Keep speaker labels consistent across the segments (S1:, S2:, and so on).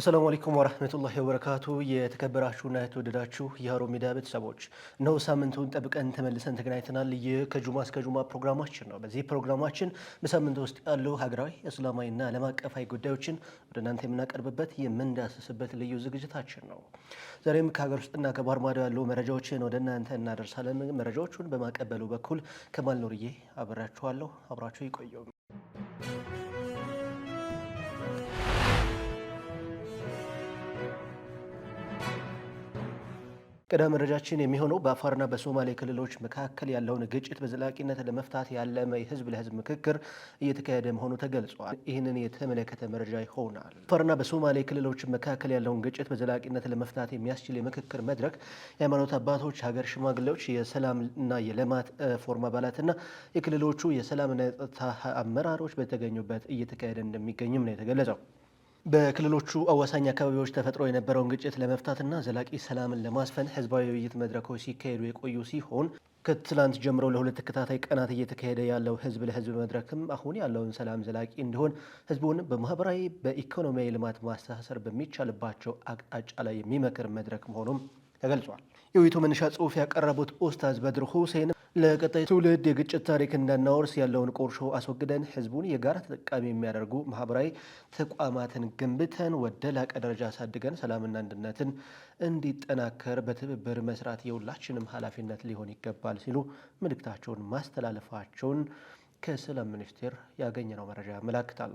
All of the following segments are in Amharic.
S1: አሰላሙ አለይኩም ወራህመቱላሂ ወበረካቱ። የተከበራችሁና የተወደዳችሁ የሀሩን ሚዲያ ቤተሰቦች ነው ሳምንቱን ጠብቀን ተመልሰን ተገናኝተናል። ይህ ከጁማ እስከ ጁማ ፕሮግራማችን ነው። በዚህ ፕሮግራማችን በሳምንቱ ውስጥ ያሉ ሀገራዊ፣ እስላማዊና ዓለም አቀፋዊ ጉዳዮችን ወደ እናንተ የምናቀርብበት የምንዳስስበት ልዩ ዝግጅታችን ነው። ዛሬም ከሀገር ውስጥና ከባህር ማዶ ያሉ መረጃዎችን ወደ እናንተ እናደርሳለን። መረጃዎቹን በማቀበሉ በኩል ከማል ኑርዬ አብራችኋለሁ። አብራችሁ ይቆየው። ቀዳሚ መረጃችን የሚሆነው በአፋርና በሶማሌ ክልሎች መካከል ያለውን ግጭት በዘላቂነት ለመፍታት ያለመ የህዝብ ለህዝብ ምክክር እየተካሄደ መሆኑ ተገልጿል። ይህንን የተመለከተ መረጃ ይሆናል። አፋርና በሶማሌ ክልሎች መካከል ያለውን ግጭት በዘላቂነት ለመፍታት የሚያስችል የምክክር መድረክ የሃይማኖት አባቶች፣ ሀገር ሽማግሌዎች፣ የሰላምና የልማት ፎረም አባላትና የክልሎቹ የሰላምና የጸጥታ አመራሮች በተገኙበት እየተካሄደ እንደሚገኝም ነው የተገለጸው። በክልሎቹ አዋሳኝ አካባቢዎች ተፈጥሮ የነበረውን ግጭት ለመፍታትና ዘላቂ ሰላምን ለማስፈን ህዝባዊ ውይይት መድረኮች ሲካሄዱ የቆዩ ሲሆን ከትላንት ጀምሮ ለሁለት ተከታታይ ቀናት እየተካሄደ ያለው ህዝብ ለህዝብ መድረክም አሁን ያለውን ሰላም ዘላቂ እንዲሆን ህዝቡን በማህበራዊ በኢኮኖሚያዊ ልማት ማስተሳሰር በሚቻልባቸው አቅጣጫ ላይ የሚመክር መድረክ መሆኑም ተገልጿል። የውይይቱ መነሻ ጽሑፍ ያቀረቡት ኡስታዝ በድር ሁሴን ለቀጣይ ትውልድ የግጭት ታሪክ እንዳናወርስ ያለውን ቁርሾ አስወግደን ህዝቡን የጋራ ተጠቃሚ የሚያደርጉ ማህበራዊ ተቋማትን ገንብተን ወደ ላቀ ደረጃ አሳድገን ሰላምና አንድነትን እንዲጠናከር በትብብር መስራት የሁላችንም ኃላፊነት ሊሆን ይገባል ሲሉ መልእክታቸውን ማስተላለፋቸውን ከሰላም ሚኒስቴር ያገኘነው መረጃ ያመላክታል።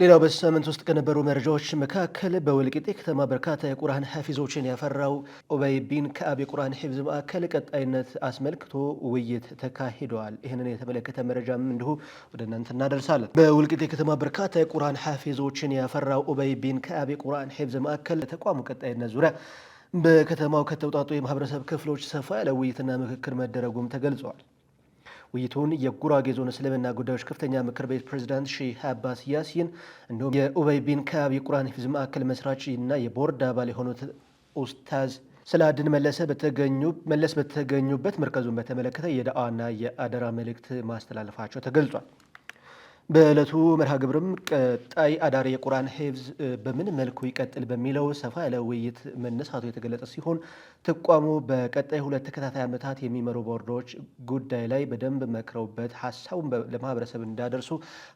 S1: ሌላው በዚህ ውስጥ ከነበሩ መረጃዎች መካከል በወልቂጤ ከተማ በርካታ የቁርአን ሐፊዞችን ያፈራው ኡበይ ቢን ከአብ የቁርአን ሂፍዝ ማዕከል ቀጣይነት አስመልክቶ ውይይት ተካሂደዋል። ይህንን የተመለከተ መረጃም እንዲሁ ወደ እናንተ እናደርሳለን። በወልቂጤ ከተማ በርካታ የቁርአን ሐፊዞችን ያፈራው ኡበይ ቢን ከአብ የቁርአን ሂፍዝ ማዕከል ተቋሙ ቀጣይነት ዙሪያ በከተማው ከተውጣጡ የማህበረሰብ ክፍሎች ሰፋ ያለ ውይይትና ምክክር መደረጉም ተገልጿል። ውይይቱን የጉራጌ ዞን እስልምና ጉዳዮች ከፍተኛ ምክር ቤት ፕሬዚዳንት ሼህ አባስ ያሲን እንዲሁም የኡበይ ቢን ከአብ የቁርአን ሂፍዝ ማዕከል መስራች እና የቦርድ አባል የሆኑት ኡስታዝ ስላድን መለሰ መለስ በተገኙበት መርከዙን በተመለከተ የደአዋና የአደራ መልእክት ማስተላለፋቸው ተገልጿል። በዕለቱ መርሃ ግብርም ቀጣይ አዳር የቁርአን ሂፍዝ በምን መልኩ ይቀጥል በሚለው ሰፋ ያለ ውይይት መነሳቱ የተገለጸ ሲሆን ተቋሙ በቀጣይ ሁለት ተከታታይ ዓመታት የሚመሩ ቦርዶች ጉዳይ ላይ በደንብ መክረውበት ሀሳቡን ለማህበረሰብ እንዳደርሱ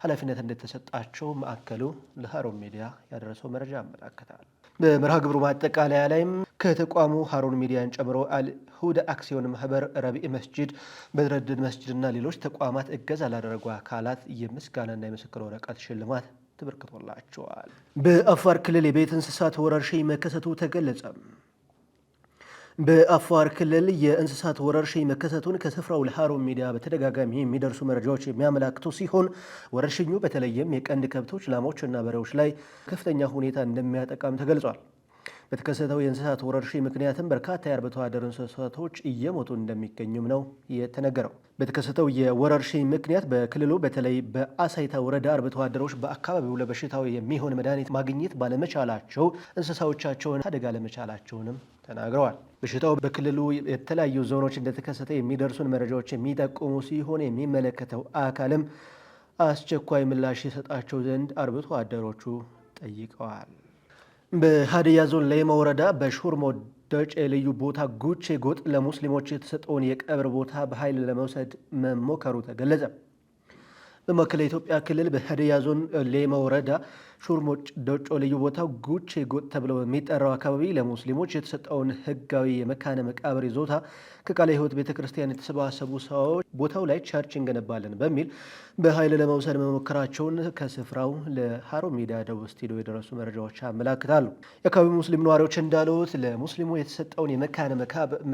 S1: ኃላፊነት እንደተሰጣቸው ማዕከሉ ለሃሩን ሚዲያ ያደረሰው መረጃ ያመላክታል። በመርሃ ግብሩ ማጠቃለያ ላይም ከተቋሙ ሀሩን ሚዲያን ጨምሮ አልሁደ አክሲዮን ማህበር፣ ረቢዕ መስጅድ፣ በድረድን መስጅድና ሌሎች ተቋማት እገዛ ላደረጉ አካላት የምስጋናና የምስክር ወረቀት ሽልማት ተበርክቶላቸዋል። በአፋር ክልል የቤት እንስሳት ወረርሽኝ መከሰቱ ተገለጸ። በአፋር ክልል የእንስሳት ወረርሽኝ መከሰቱን ከስፍራው ለሀሩን ሚዲያ በተደጋጋሚ የሚደርሱ መረጃዎች የሚያመላክቱ ሲሆን ወረርሽኙ በተለይም የቀንድ ከብቶች ላሞች እና በሬዎች ላይ ከፍተኛ ሁኔታ እንደሚያጠቃም ተገልጿል። በተከሰተው የእንስሳት ወረርሽኝ ምክንያትም በርካታ የአርብቶ አደር እንስሳቶች እየሞቱ እንደሚገኙም ነው የተነገረው። በተከሰተው የወረርሽኝ ምክንያት በክልሉ በተለይ በአሳይታ ወረዳ አርብቶ አደሮች በአካባቢው ለበሽታው የሚሆን መድኃኒት ማግኘት ባለመቻላቸው እንስሳዎቻቸውን አደጋ ለመቻላቸውንም ተናግረዋል። በሽታው በክልሉ የተለያዩ ዞኖች እንደተከሰተ የሚደርሱን መረጃዎች የሚጠቁሙ ሲሆን የሚመለከተው አካልም አስቸኳይ ምላሽ የሰጣቸው ዘንድ አርብቶ አደሮቹ ጠይቀዋል። በሀዲያ ዞን ለይማ ወረዳ በሹርሞ ደጭ ልዩ ቦታ ጉቼ ጎጥ ለሙስሊሞች የተሰጠውን የቀብር ቦታ በኃይል ለመውሰድ መሞከሩ ተገለጸ። በማዕከላዊ ኢትዮጵያ ክልል በሀዲያ ዞን ለይማ ወረዳ ሹርሞች ዶጮ ልዩ ቦታው ጉቼ ጎጥ ተብለው በሚጠራው አካባቢ ለሙስሊሞች የተሰጠውን ህጋዊ የመካነ መቃብር ይዞታ ከቃለ ሕይወት ቤተ ክርስቲያን የተሰባሰቡ ሰዎች ቦታው ላይ ቸርች እንገነባለን በሚል በኃይል ለመውሰድ መሞከራቸውን ከስፍራው ለሀሮ ሚዲያ ደቡብ ስቱዲዮ የደረሱ መረጃዎች አመላክታሉ። የአካባቢው ሙስሊም ነዋሪዎች እንዳሉት ለሙስሊሙ የተሰጠውን የመካነ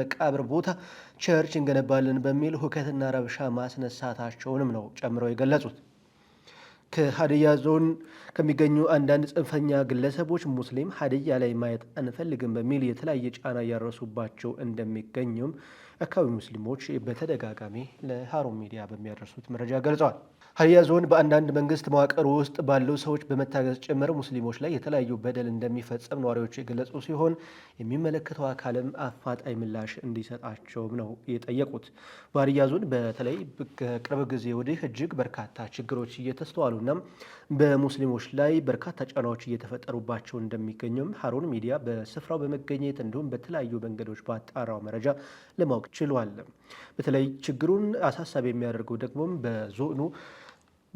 S1: መቃብር ቦታ ቸርች እንገነባለን በሚል ሁከትና ረብሻ ማስነሳታቸውንም ነው ጨምረው የገለጹት። ከሀዲያ ዞን ከሚገኙ አንዳንድ ጽንፈኛ ግለሰቦች ሙስሊም ሀዲያ ላይ ማየት አንፈልግም በሚል የተለያየ ጫና እያረሱባቸው እንደሚገኙም አካባቢ ሙስሊሞች በተደጋጋሚ ለሀሩን ሚዲያ በሚያደርሱት መረጃ ገልጸዋል። ሀዲያ ዞን በአንዳንድ መንግስት መዋቅር ውስጥ ባለው ሰዎች በመታገዝ ጭምር ሙስሊሞች ላይ የተለያዩ በደል እንደሚፈጸም ነዋሪዎች የገለጹ ሲሆን የሚመለከተው አካልም አፋጣኝ ምላሽ እንዲሰጣቸውም ነው የጠየቁት። በሀዲያ ዞን በተለይ ከቅርብ ጊዜ ወዲህ እጅግ በርካታ ችግሮች እየተስተዋሉና በሙስሊሞች ላይ በርካታ ጫናዎች እየተፈጠሩባቸው እንደሚገኙም ሀሩን ሚዲያ በስፍራው በመገኘት እንዲሁም በተለያዩ መንገዶች ባጣራው መረጃ ለማወቅ ችሏል። በተለይ ችግሩን አሳሳቢ የሚያደርገው ደግሞም በዞኑ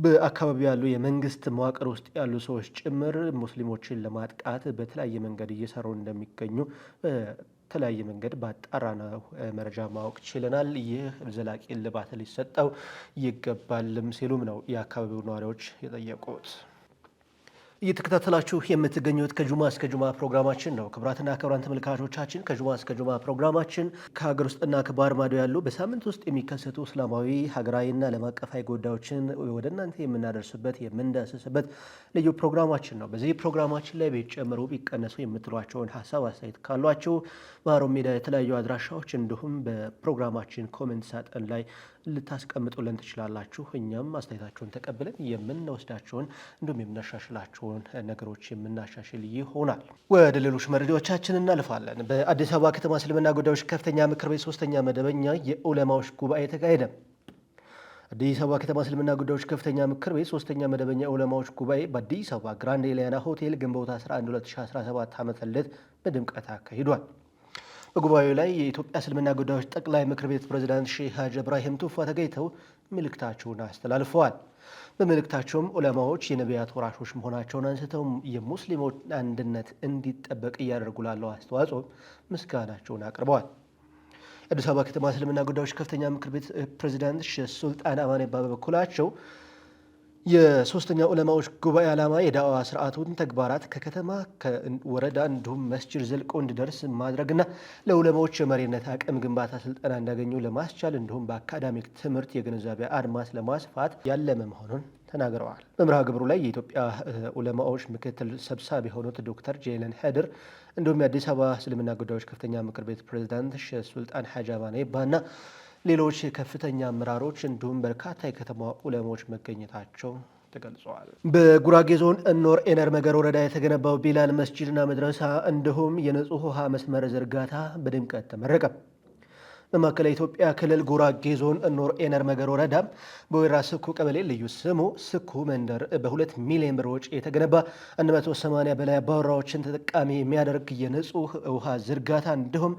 S1: በአካባቢ ያሉ የመንግስት መዋቅር ውስጥ ያሉ ሰዎች ጭምር ሙስሊሞችን ለማጥቃት በተለያየ መንገድ እየሰሩ እንደሚገኙ በተለያየ መንገድ ባጣራነው መረጃ ማወቅ ችለናል። ይህ ዘላቂ እልባት ሊሰጠው ይገባልም ሲሉም ነው የአካባቢው ነዋሪዎች የጠየቁት። እየተከታተላችሁ የምትገኙት ከጁማ እስከ ጁማ ፕሮግራማችን ነው። ክብራትና ክብራን ተመልካቾቻችን ከጁማ እስከ ጁማ ፕሮግራማችን ከሀገር ውስጥና ከባህር ማዶ ያሉ በሳምንት ውስጥ የሚከሰቱ እስላማዊ ሀገራዊና ዓለም አቀፋዊ ጉዳዮችን ወደ እናንተ የምናደርስበት የምንዳስስበት ልዩ ፕሮግራማችን ነው። በዚህ ፕሮግራማችን ላይ ቢጨምሩ ቢቀነሱ የምትሏቸውን ሀሳብ አስተያየት ካሏችሁ ባህሮ ሜዳ የተለያዩ አድራሻዎች እንዲሁም በፕሮግራማችን ኮመንት ሳጥን ላይ ልታስቀምጡልን ትችላላችሁ። እኛም አስተያየታችሁን ተቀብለን የምንወስዳችሁን እንዲሁም የምናሻሽላችሁን የሚኖሩን ነገሮች የምናሻሽል ይሆናል። ወደ ሌሎች መረጃዎቻችን እናልፋለን። በአዲስ አበባ ከተማ እስልምና ጉዳዮች ከፍተኛ ምክር ቤት ሶስተኛ መደበኛ የዑለማዎች ጉባኤ ተካሄደ። አዲስ አበባ ከተማ እስልምና ጉዳዮች ከፍተኛ ምክር ቤት ሶስተኛ መደበኛ የዑለማዎች ጉባኤ በአዲስ አበባ ግራንድ ኤሊያና ሆቴል ግንቦት 11 2017 ዓ ም በድምቀት አካሂዷል። በጉባኤው ላይ የኢትዮጵያ እስልምና ጉዳዮች ጠቅላይ ምክር ቤት ፕሬዚዳንት ሼህ ሀጅ እብራሂም ቱፋ ተገኝተው መልእክታቸውን አስተላልፈዋል። በመልእክታቸውም ዑለማዎች የነቢያት ወራሾች መሆናቸውን አንስተው የሙስሊሞች አንድነት እንዲጠበቅ እያደረጉ ላለው አስተዋጽኦ ምስጋናቸውን አቅርበዋል። የአዲስ አበባ ከተማ እስልምና ጉዳዮች ከፍተኛ ምክር ቤት ፕሬዚዳንት ሼህ ሱልጣን አማኔባ በበኩላቸው የሶስተኛ ዑለማዎች ጉባኤ ዓላማ የዳዋ ስርዓቱን ተግባራት ከከተማ ከወረዳ እንዲሁም መስጅድ ዘልቆ እንዲደርስ ማድረግና ለዑለማዎች የመሪነት አቅም ግንባታ ስልጠና እንዳገኙ ለማስቻል እንዲሁም በአካዳሚክ ትምህርት የግንዛቤ አድማስ ለማስፋት ያለመ መሆኑን ተናግረዋል። በመርሃ ግብሩ ላይ የኢትዮጵያ ዑለማዎች ምክትል ሰብሳቢ የሆኑት ዶክተር ጄለን ሄድር እንዲሁም የአዲስ አበባ እስልምና ጉዳዮች ከፍተኛ ምክር ቤት ፕሬዚዳንት ሼህ ሱልጣን ሐጂ አማኔ ሌሎች ከፍተኛ አመራሮች እንዲሁም በርካታ የከተማ ዑለሞች መገኘታቸው ተገልጸዋል። በጉራጌ ዞን እኖር ኤነር መገር ወረዳ የተገነባው ቢላል መስጂድና መድረሳ እንዲሁም የንጹህ ውሃ መስመር ዝርጋታ በድምቀት ተመረቀ። በማዕከላዊ ኢትዮጵያ ክልል ጉራጌ ዞን እኖር ኤነር መገር ወረዳ በወይራ ስኩ ቀበሌ ልዩ ስሙ ስኩ መንደር በሁለት ሚሊዮን ብር ወጪ የተገነባ 180 በላይ አባወራዎችን ተጠቃሚ የሚያደርግ የንጹህ ውሃ ዝርጋታ እንዲሁም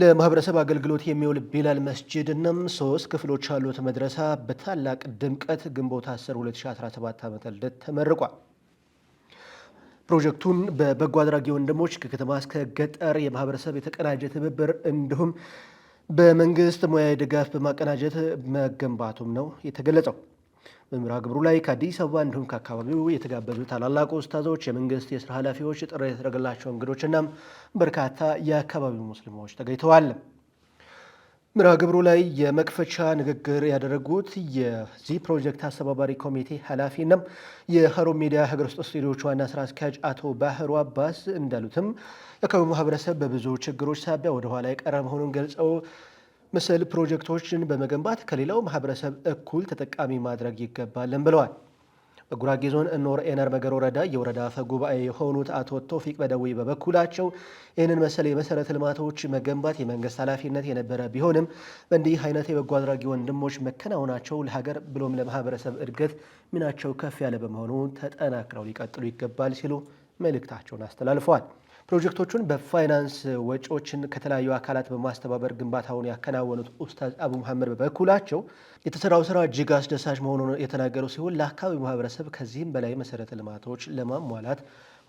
S1: ለማህበረሰብ አገልግሎት የሚውል ቢላል መስጅድ እናም ሶስት ክፍሎች ያሉት መድረሳ በታላቅ ድምቀት ግንቦት 10 2017 ዓ ም ተመርቋል። ፕሮጀክቱን በበጎ አድራጊ ወንድሞች ከከተማ እስከ ገጠር የማህበረሰብ የተቀናጀ ትብብር እንዲሁም በመንግስት ሙያዊ ድጋፍ በማቀናጀት መገንባቱም ነው የተገለጸው። በምራ ግብሩ ላይ ከአዲስ አበባ እንዲሁም ከአካባቢው የተጋበዙ ታላላቅ ኡስታዞች፣ የመንግስት የስራ ኃላፊዎች፣ ጥሪ የተደረገላቸው እንግዶችና በርካታ የአካባቢው ሙስሊሞች ተገኝተዋል። ምራ ግብሩ ላይ የመክፈቻ ንግግር ያደረጉት የዚህ ፕሮጀክት አስተባባሪ ኮሚቴ ኃላፊና የሀሩን ሚዲያ ሀገር ውስጥ ስቱዲዮች ዋና ስራ አስኪያጅ አቶ ባህሩ አባስ እንዳሉትም የአካባቢው ማህበረሰብ በብዙ ችግሮች ሳቢያ ወደኋላ የቀረ መሆኑን ገልጸው ምስል ፕሮጀክቶችን በመገንባት ከሌላው ማህበረሰብ እኩል ተጠቃሚ ማድረግ ይገባልን ብለዋል። በጉራጌ ዞን ኖር ኤነር መገር ወረዳ የወረዳ አፈ ጉባኤ የሆኑት አቶ ቶፊቅ በደዊ በበኩላቸው ይህንን መሰል የመሰረተ ልማቶች መገንባት የመንግስት ኃላፊነት የነበረ ቢሆንም በእንዲህ አይነት የበጎ አድራጊ ወንድሞች መከናወናቸው ለሀገር ብሎም ለማህበረሰብ እድገት ሚናቸው ከፍ ያለ በመሆኑ ተጠናክረው ሊቀጥሉ ይገባል ሲሉ መልእክታቸውን አስተላልፈዋል። ፕሮጀክቶቹን በፋይናንስ ወጪዎችን ከተለያዩ አካላት በማስተባበር ግንባታውን ያከናወኑት ኡስታዝ አቡ መሐመድ በበኩላቸው የተሰራው ስራ እጅግ አስደሳች መሆኑን የተናገሩ ሲሆን ለአካባቢው ማህበረሰብ ከዚህም በላይ መሰረተ ልማቶች ለማሟላት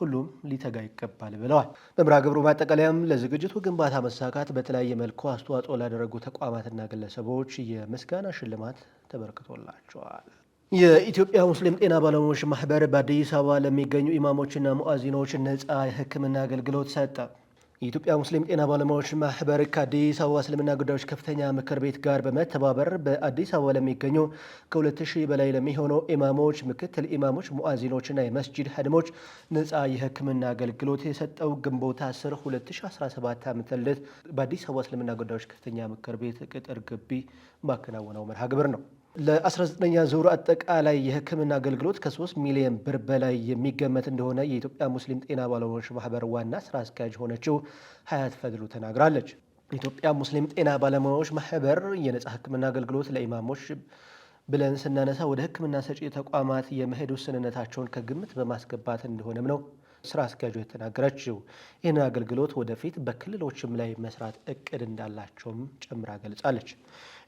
S1: ሁሉም ሊተጋ ይገባል ብለዋል። በምራ ግብሩ ማጠቃለያም ለዝግጅቱ ግንባታ መሳካት በተለያየ መልኩ አስተዋጽኦ ላደረጉ ተቋማትና ግለሰቦች የምስጋና ሽልማት ተበርክቶላቸዋል። የኢትዮጵያ ሙስሊም ጤና ባለሙያዎች ማህበር በአዲስ አበባ ለሚገኙ ኢማሞችና ሙአዚኖች ነፃ የሕክምና አገልግሎት ሰጠ። የኢትዮጵያ ሙስሊም ጤና ባለሙያዎች ማህበር ከአዲስ አበባ እስልምና ጉዳዮች ከፍተኛ ምክር ቤት ጋር በመተባበር በአዲስ አበባ ለሚገኙ ከ ሺህ በላይ ለሚሆኑ ኢማሞች፣ ምክትል ኢማሞች፣ ሙአዚኖችና የመስጂድ ሀድሞች ነፃ የህክምና አገልግሎት የሰጠው ግንቦት 10 2017 ዓ.ም በአዲስ አበባ እስልምና ጉዳዮች ከፍተኛ ምክር ቤት ቅጥር ግቢ ማከናወነው መርሃ ግብር ነው። ለ19ኛ ዙር አጠቃላይ የሕክምና አገልግሎት ከ3 ሚሊዮን ብር በላይ የሚገመት እንደሆነ የኢትዮጵያ ሙስሊም ጤና ባለሙያዎች ማህበር ዋና ስራ አስኪያጅ የሆነችው ሀያት ፈድሉ ተናግራለች። የኢትዮጵያ ሙስሊም ጤና ባለሙያዎች ማህበር የነጻ ሕክምና አገልግሎት ለኢማሞች ብለን ስናነሳ ወደ ሕክምና ሰጪ ተቋማት የመሄድ ውስንነታቸውን ከግምት በማስገባት እንደሆነም ነው ስራ አስኪያጁ የተናገረችው። ይህንን አገልግሎት ወደፊት በክልሎችም ላይ መስራት እቅድ እንዳላቸውም ጨምራ ገልጻለች።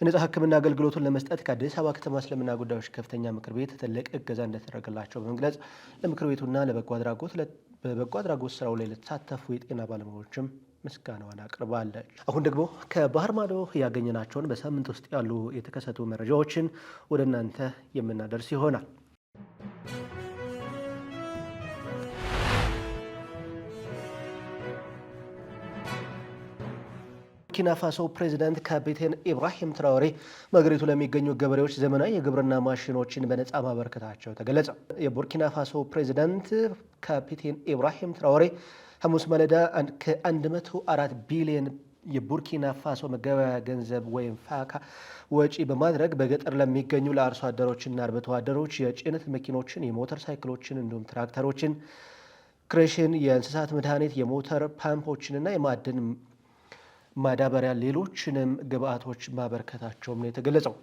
S1: የነጻ ሕክምና አገልግሎቱን ለመስጠት ከአዲስ አበባ ከተማ እስልምና ጉዳዮች ከፍተኛ ምክር ቤት ትልቅ እገዛ እንደተደረገላቸው በመግለጽ ለምክር ቤቱና ለበጎ አድራጎት በበጎ አድራጎት ስራው ላይ ለተሳተፉ የጤና ባለሙያዎችም ምስጋናዋን አቅርባለች። አሁን ደግሞ ከባህር ማዶ ያገኘናቸውን በሳምንት ውስጥ ያሉ የተከሰቱ መረጃዎችን ወደ እናንተ የምናደርስ ይሆናል። ቡርኪና ፋሶ ካፒቴን ኢብራሂም ትራውሬ መግሪቱ ለሚገኙ ገበሬዎች ዘመናዊ የግብርና ማሽኖችን በነፃ ማበረከታቸው ተገለጸ። የቡርኪናፋሶ ፋሶ ካፒቴን ኢብራሂም ትራውሬ ሐሙስ ማለዳ ከ104 ቢሊዮን የቡርኪና ፋሶ መገበያ ገንዘብ ወይም ፋካ ወጪ በማድረግ በገጠር ለሚገኙ ለአርሶ አደሮችና አርብቶ አደሮች የጭነት መኪኖችን፣ የሞተር ሳይክሎችን እንዲሁም ትራክተሮችን፣ ክሬሽን፣ የእንስሳት መድኃኒት፣ የሞተር ፓምፖችንና የማዕድን ማዳበሪያ፣ ሌሎችንም ግብአቶች ማበርከታቸውም ነው የተገለጸው።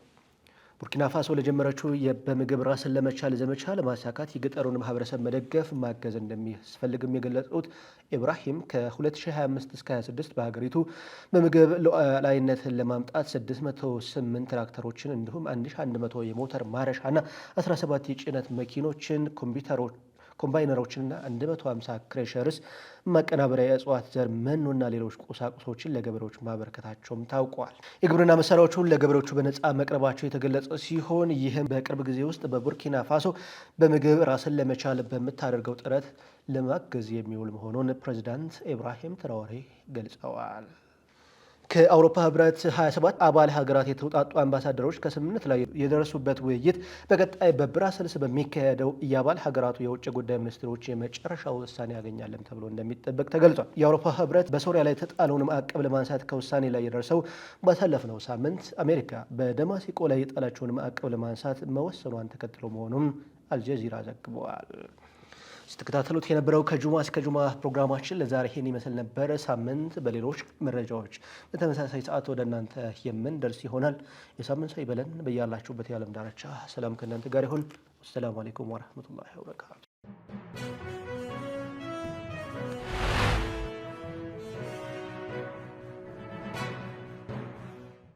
S1: ቡርኪና ፋሶ ለጀመረችው በምግብ ራስን ለመቻል ዘመቻ ለማሳካት የገጠሩን ማህበረሰብ መደገፍ ማገዝ እንደሚያስፈልግም የገለጹት ኢብራሂም ከ2025 እስከ 26 በሀገሪቱ በምግብ ሉዓላዊነትን ለማምጣት 608 ትራክተሮችን እንዲሁም 1100 የሞተር ማረሻና 17 የጭነት መኪኖችን ኮምፒውተሮች ኮምባይነሮችንና 150 ክሬሸርስ ማቀናበሪያ፣ የእጽዋት ዘር፣ መኖና ሌሎች ቁሳቁሶችን ለገበሬዎች ማበረከታቸውም ታውቋል። የግብርና መሳሪያዎቹን ለገበሬዎቹ በነፃ መቅረባቸው የተገለጸ ሲሆን ይህም በቅርብ ጊዜ ውስጥ በቡርኪና ፋሶ በምግብ ራስን ለመቻል በምታደርገው ጥረት ለማገዝ የሚውል መሆኑን ፕሬዚዳንት ኢብራሂም ትራኦሬ ገልጸዋል። ከአውሮፓ ህብረት 27 አባል ሀገራት የተውጣጡ አምባሳደሮች ከስምምነት ላይ የደረሱበት ውይይት በቀጣይ በብራሰልስ በሚካሄደው የአባል ሀገራቱ የውጭ ጉዳይ ሚኒስትሮች የመጨረሻ ውሳኔ ያገኛለም ተብሎ እንደሚጠበቅ ተገልጿል። የአውሮፓ ህብረት በሶሪያ ላይ የተጣለውን ማዕቀብ ለማንሳት ከውሳኔ ላይ የደረሰው ባሳለፍነው ሳምንት አሜሪካ በደማሲቆ ላይ የጣላቸውን ማዕቀብ ለማንሳት መወሰኗን ተከትሎ መሆኑም አልጀዚራ ዘግበዋል። ስትከታተሉት የነበረው ከጁማ እስከ ጁማ ፕሮግራማችን ለዛሬ ይህን ይመስል ነበረ። ሳምንት በሌሎች መረጃዎች በተመሳሳይ ሰዓት ወደ እናንተ የምንደርስ ይሆናል። የሳምንት ሰው ይበለን። በያላችሁበት የዓለም ዳርቻ ሰላም ከእናንተ ጋር ይሁን። አሰላሙ አሌይኩም ወረህመቱላሂ ወበረካቱ።